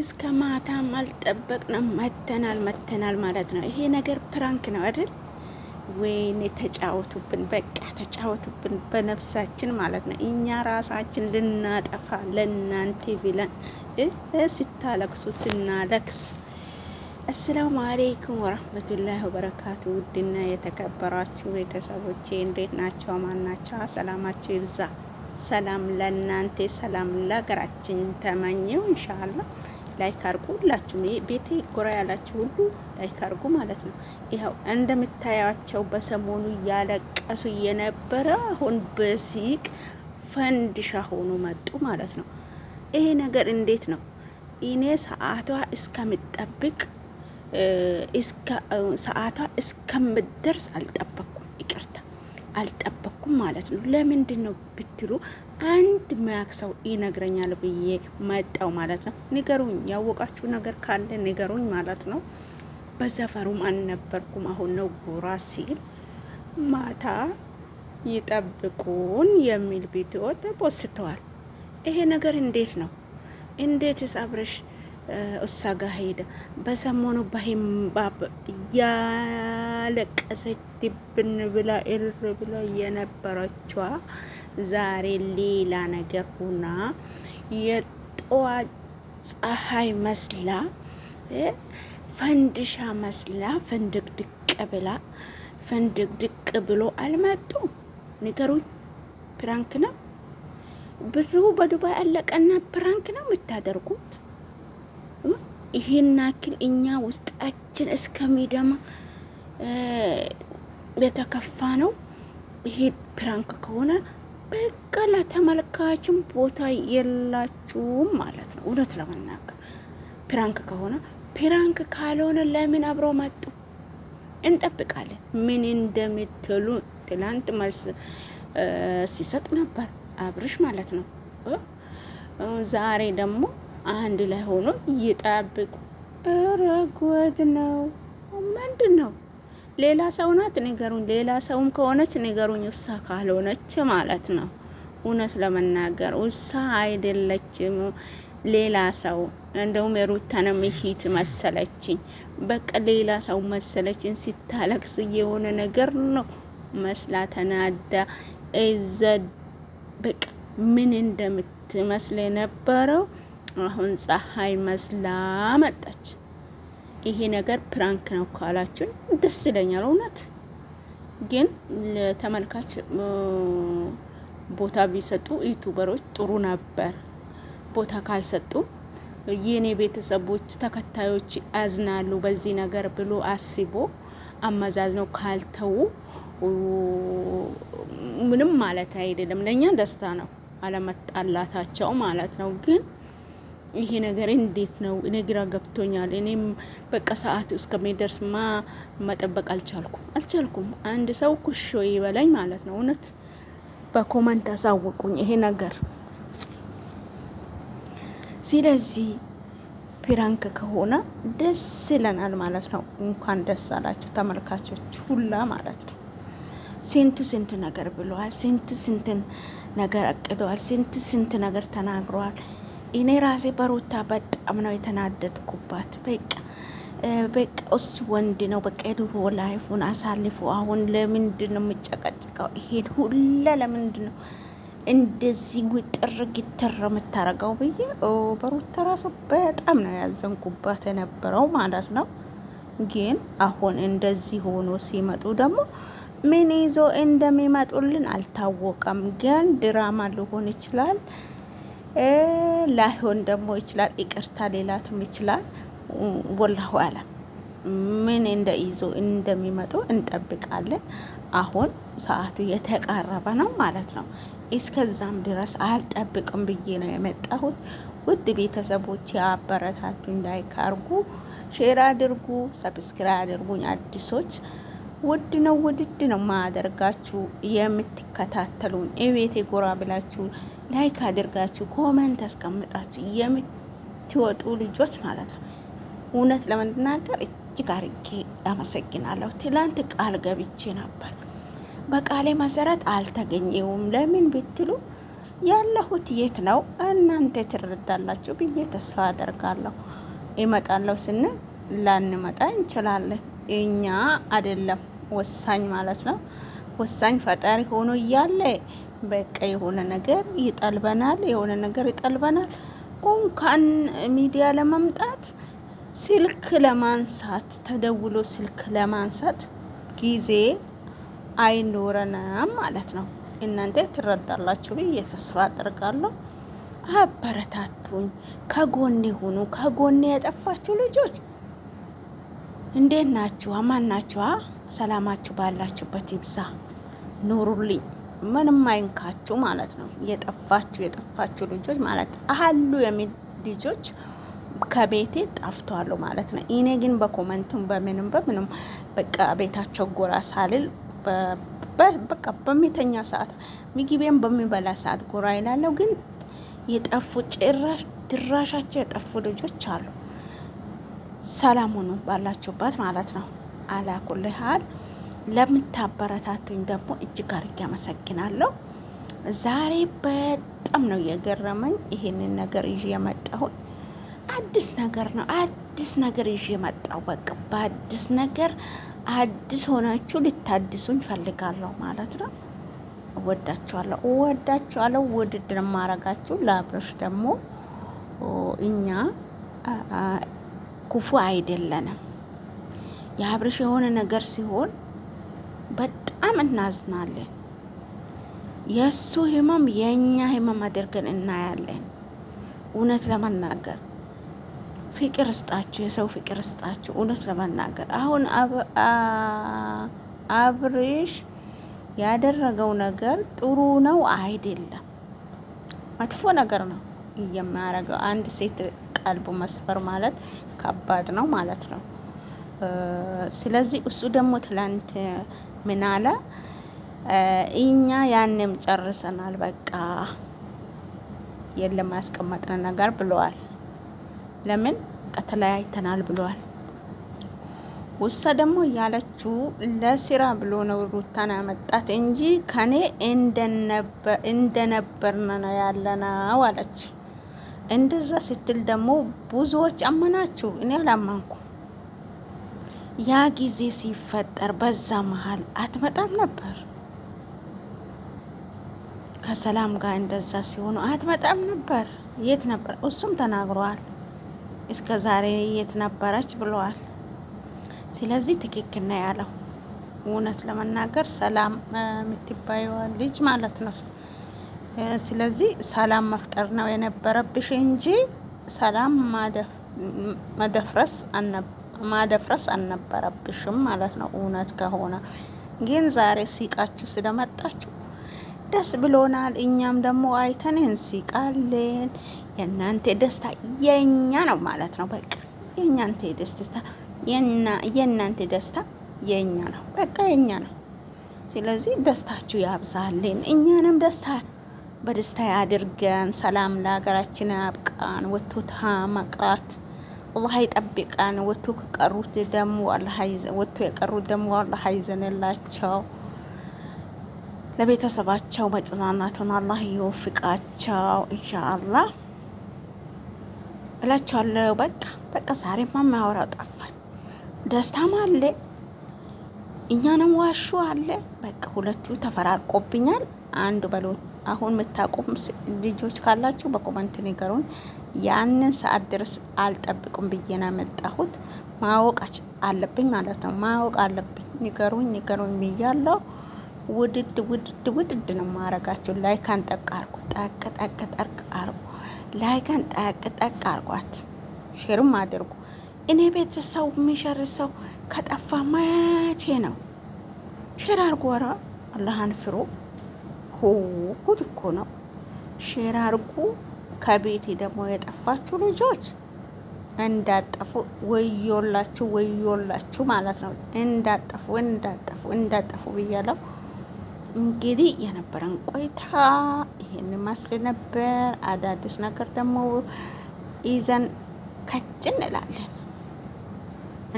እስከ ማታም አልጠበቅንም። መተናል መተናል ማለት ነው። ይሄ ነገር ፕራንክ ነው አይደል? ወይኔ ተጫወቱብን፣ በቃ ተጫወቱብን በነፍሳችን ማለት ነው። እኛ ራሳችን ልናጠፋ ለእናንተ ብለን ስታለቅሱ ስናለቅስ። አሰላሙ አሌይኩም ወረህመቱላህ ወበረካቱ። ውድና የተከበራችሁ ቤተሰቦቼ እንዴት ናቸው? ማን ናቸው? ሰላማችሁ ይብዛ። ሰላም ለእናንተ፣ ሰላም ለሀገራችን ተመኘው። ኢንሻአላህ ላይክ አርጉ ሁላችሁም። ይሄ ቤቴ ጎራ ያላችሁ ሁሉ ላይክ አርጉ ማለት ነው። ይኸው እንደምታያቸው በሰሞኑ እያለቀሱ የነበረ አሁን በሲቅ ፈንድሻ ሆኖ መጡ ማለት ነው። ይሄ ነገር እንዴት ነው? እኔ ሰዓቷ እስከምጠብቅ ሰዓቷ እስከምደርስ አልጠበቅኩም። ይቅርታ አልጠበቅኩም ማለት ነው። ለምንድን ነው ብትሉ አንድ ማያክ ሰው ይነግረኛል ብዬ መጣው ማለት ነው። ንገሩኝ፣ ያወቃችሁ ነገር ካለ ንገሩኝ ማለት ነው። በሰፈሩም አልነበርኩም፣ አሁን ነው ጎራ ሲል ማታ ይጠብቁን የሚል ቪዲዮ ተፖስተዋል። ይሄ ነገር እንዴት ነው? እንዴት አብረሽ እሷ ጋር ሄደ? በሰሞኑ በሂምባብ ያለቀሰች ድብን ብላ እር ብላ የነበረችዋ ዛሬ ሌላ ነገር ሁና የጠዋ ፀሐይ መስላ ፈንድሻ መስላ ድቅ ብላ ድቅ ብሎ አልመጡ። ንገሩኝ፣ ፕራንክ ነው? ብሩ በዱባይ አለቀና ፕራንክ ነው የምታደርጉት? ይሄን አክል እኛ ውስጣችን እስከሚደማ የተከፋ ነው። ይሄ ፕራንክ ከሆነ በቃ ለተመልካችም ቦታ የላችሁም ማለት ነው። እውነት ለመናገር ፕራንክ ከሆነ ፕራንክ ካልሆነ ለምን አብረው መጡ? እንጠብቃለን ምን እንደምትሉ። ትላንት መልስ ሲሰጥ ነበር አብርሽ ማለት ነው። ዛሬ ደግሞ አንድ ላይ ሆኖ ይጠብቁ። ረጎድ ነው ምንድን ነው? ሌላ ሰው ናት ንገሩኝ። ሌላ ሰውም ከሆነች ንገሩኝ። እሷ ካልሆነች ማለት ነው። እውነት ለመናገር እሷ አይደለችም ሌላ ሰው እንደውም የሩታን ምሂት መሰለችኝ። በቃ ሌላ ሰው መሰለችኝ። ሲታለቅስ የሆነ ነገር ነው መስላ ተናዳ እዛ በቃ ምን እንደምትመስል የነበረው አሁን ፀሐይ መስላ መጣች። ይሄ ነገር ፕራንክ ነው ካላችሁ ደስ ይለኛል። እውነት ግን ለተመልካች ቦታ ቢሰጡ ዩቱበሮች ጥሩ ነበር። ቦታ ካልሰጡ የኔ ቤተሰቦች ተከታዮች አዝናሉ በዚህ ነገር ብሎ አስቦ አመዛዝነው ካልተው ምንም ማለት አይደለም። ለእኛ ደስታ ነው አለመጣላታቸው ማለት ነው ግን ይሄ ነገር እንዴት ነው? እኔ ግራ ገብቶኛል። እኔም በቃ ሰዓቱ ማ መጠበቅ አልቻልኩም አልቻልኩም። አንድ ሰው ኩሾ ይበለኝ ማለት ነው። እውነት በኮመንት አሳወቁኝ ይሄ ነገር። ስለዚህ ፕራንክ ከሆነ ደስ ይለናል ማለት ነው። እንኳን ደስ አላችሁ ተመልካቾች ሁላ ማለት ነው። ስንቱ ስንት ነገር ብለዋል። ስንት ስንትን ነገር አቅደዋል። ስንት ስንት ነገር ተናግረዋል። እኔ ራሴ በሩታ በጣም ነው የተናደድኩባት። በቃ በቃ እሱ ወንድ ነው። በቃ የድሮ ላይፉን አሳልፎ አሁን ለምንድን ነው የምጨቀጭቀው? ይሄን ሁላ ለምንድን ነው እንደዚህ ውጥር ግትር የምታረገው ብዬ በሩታ ራሱ በጣም ነው ያዘንኩባት የነበረው ማለት ነው። ግን አሁን እንደዚህ ሆኖ ሲመጡ ደግሞ ምን ይዞ እንደሚመጡልን አልታወቀም። ግን ድራማ ሊሆን ይችላል ላይሆን ደግሞ ይችላል። ይቅርታ ሌላትም ይችላል። ወላሁ አለም ምን እንደ ይዞ እንደሚመጡ እንጠብቃለን። አሁን ሰዓቱ የተቃረበ ነው ማለት ነው። እስከዛም ድረስ አልጠብቅም ብዬ ነው የመጣሁት። ውድ ቤተሰቦች አበረታቱ፣ እንዳይካርጉ ሼር አድርጉ፣ ሰብስክራይብ አድርጉኝ። አዲሶች ውድ ነው ውድድ ነው ማደርጋችሁ የምትከታተሉኝ እቤቴ ጎራ ብላችሁ ላይክ አድርጋችሁ ኮመንት አስቀምጣችሁ የምትወጡ ልጆች ማለት ነው። እውነት ለመናገር እጅግ አርጌ አመሰግናለሁ። ትላንት ቃል ገብቼ ነበር። በቃሌ መሰረት አልተገኘውም። ለምን ብትሉ ያለሁት የት ነው እናንተ ትረዳላችሁ ብዬ ተስፋ አደርጋለሁ። ይመጣለሁ ስንል ላንመጣ እንችላለን። እኛ አይደለም ወሳኝ ማለት ነው። ወሳኝ ፈጣሪ ሆኖ እያለ በቃ የሆነ ነገር ይጠልበናል፣ የሆነ ነገር ይጠልበናል። እንኳን ሚዲያ ለመምጣት ስልክ ለማንሳት ተደውሎ ስልክ ለማንሳት ጊዜ አይኖረንም ማለት ነው። እናንተ ትረዳላችሁ ብዬ ተስፋ አደርጋለሁ። አበረታቱኝ፣ ከጎኔ ሁኑ። ከጎኔ ያጠፋችሁ ልጆች እንዴት ናችሁ? አማን ናችሁ? ሰላማችሁ ባላችሁበት ይብዛ። ኑሩልኝ። ምንም አይንካችሁ ማለት ነው። የጠፋችሁ የጠፋችሁ ልጆች ማለት አሉ የሚል ልጆች ከቤቴ ጠፍቷሉ ማለት ነው። እኔ ግን በኮመንቱም በምንም በምንም በቃ ቤታቸው ጎራ ሳልል በቃ በሚተኛ ሰዓት ምግቤን በሚበላ ሰዓት ጎራ ይላለው። ግን የጠፉ ጭራሽ ድራሻቸው የጠፉ ልጆች አሉ። ሰላም ሁኑ ባላችሁበት ማለት ነው። አላኩልሃል ለምታበረታቱኝ ደግሞ እጅግ አርጌ አመሰግናለሁ። ዛሬ በጣም ነው የገረመኝ ይሄንን ነገር ይዤ የመጣሁት አዲስ ነገር ነው። አዲስ ነገር ይዤ የመጣው በቃ በአዲስ ነገር አዲስ ሆናችሁ ልታድሱኝ ፈልጋለሁ ማለት ነው። እወዳችኋለሁ፣ እወዳችኋለሁ። ውድድ ማረጋችሁ ለአብረሽ ደግሞ እኛ ክፉ አይደለንም። የአብረሽ የሆነ ነገር ሲሆን በጣም እናዝናለን። የእሱ ህመም የእኛ ህመም አድርገን እናያለን። እውነት ለመናገር ፍቅር ስጣችሁ፣ የሰው ፍቅር ስጣችሁ። እውነት ለመናገር አሁን አብሬሽ ያደረገው ነገር ጥሩ ነው አይደለም፣ መጥፎ ነገር ነው የሚያደርገው። አንድ ሴት ቀልቡ መስበር ማለት ከባድ ነው ማለት ነው። ስለዚህ እሱ ደግሞ ትላንት ምናለ እኛ ያንም ጨርሰናል፣ በቃ የለም ያስቀመጥን ነገር ብለዋል። ለምን ተለያይተናል ብለዋል። ውሳ ደግሞ እያለችው ለስራ ብሎ ነው ሩታን ያመጣት እንጂ ከኔ እንደነበርን ነው ያለነው አለች። እንደዛ ስትል ደግሞ ብዙዎች አመናችሁ፣ እኔ አላመንኩም። ያ ጊዜ ሲፈጠር በዛ መሀል አትመጣም ነበር። ከሰላም ጋር እንደዛ ሲሆኑ አትመጣም ነበር። የት ነበር? እሱም ተናግሯል። እስከ ዛሬ የት ነበረች ብለዋል። ስለዚህ ትክክል ነው ያለው። እውነት ለመናገር ሰላም የምትባየዋ ልጅ ማለት ነው። ስለዚህ ሰላም መፍጠር ነው የነበረብሽ እንጂ ሰላም መደፍረስ አነበ ማደፍረስ አልነበረብሽም ማለት ነው። እውነት ከሆነ ግን ዛሬ ሲቃችሁ ስለመጣችሁ ደስ ብሎናል። እኛም ደግሞ አይተን እንስቃለን። የእናንተ ደስታ የእኛ ነው ማለት ነው። በቃ የእናንተ ደስታ የእናንተ ደስታ የእኛ ነው። በቃ የእኛ ነው። ስለዚህ ደስታችሁ ያብዛልን፣ እኛንም ደስታ በደስታ ያድርገን። ሰላም ለሀገራችን ያብቃን። ወቶታ መቅራት አላህ ይጠብቀን። ወጥቶ ከቀሩት ደግሞ ወጥቶ የቀሩት ደግሞ አላህ ይዘንላቸው። ለቤተሰባቸው መጽናናቱን አላህ ይወፍቃቸው ኢንሻአላህ እላቸዋለሁ። በቃ በቃ ዛሬ ማማወራው ጠፋኝ። ደስታም አለ እኛንም ዋሹ አለ። በቃ ሁለቱ ተፈራርቆብኛል። አንዱ በሎ አሁን የምታቁም ልጆች ካላችሁ በኮመንት ንገሩን። ያንን ሰዓት ድረስ አልጠብቁም ብዬ ነው ያመጣሁት። ማወቅ አለብኝ ማለት ነው። ማወቅ አለብኝ። ንገሩኝ ንገሩኝ ብያለው። ውድድ ውድድ ውድድ ነው ማረጋቸው። ላይካን ጠቅ አርጉ፣ ጠቅ ጠቅ ጠቅ አርጉ። ላይካን ጠቅ ጠቅ አርጓት፣ ሼርም አድርጉ። እኔ ቤት ሰው የሚሸር ሰው ከጠፋ መቼ ነው? ሼር አርጉ። ኧረ አላህን ፍሩ። ሁ ጉድ እኮ ነው። ሼር አርጉ። ከቤቴ ደግሞ የጠፋችሁ ልጆች እንዳጠፉ ወዮላችሁ፣ ወዮላችሁ ማለት ነው። እንዳጠፉ እንዳጠፉ እንዳጠፉ ብያለሁ። እንግዲህ የነበረን ቆይታ ይሄን ማስል ነበር። አዳዲስ ነገር ደግሞ ይዘን ከች እንላለን።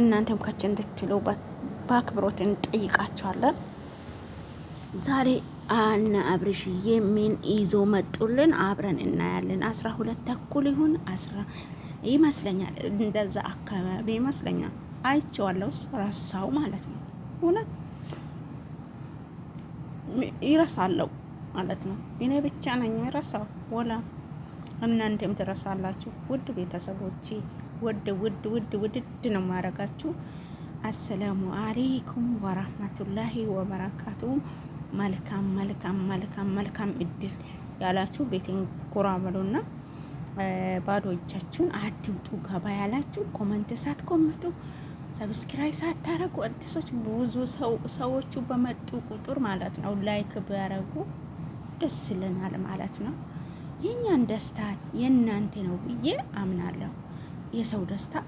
እናንተም ከች እንድትሉ በአክብሮት እንጠይቃችኋለን ዛሬ አነ አብርሽዬ ምን ይዞ መጡልን? አብረን እናያለን። አስራ ሁለት ተኩል ይሁን አስራ ይመስለኛል፣ እንደዛ አካባቢ ይመስለኛል። አይቼዋለሁ፣ ረሳው ማለት ነው። እውነት ይረሳለው ማለት ነው። እኔ ብቻ ነኝ ረሳው ወላ እናንተም ትረሳላችሁ። ውድ ቤተሰቦች ውድ ውድ ውድ ውድድ ነው ማረጋችሁ። አሰላሙ አሌይኩም ወራህመቱላሂ ወበረካቱሁ። መልካም መልካም መልካም መልካም እድል ያላችሁ ቤቴን ጎራ በሉና ባዶ እጃችሁን አትውጡ። ገባ ያላችሁ ኮመንት ሳትኮምቱ ሰብስክራይብ ሳታረጉ አዲሶች ብዙ ሰዎቹ በመጡ ቁጥር ማለት ነው ላይክ ቢያረጉ ደስ ይለናል ማለት ነው። የእኛን ደስታ የእናንተ ነው ብዬ አምናለሁ። የሰው ደስታ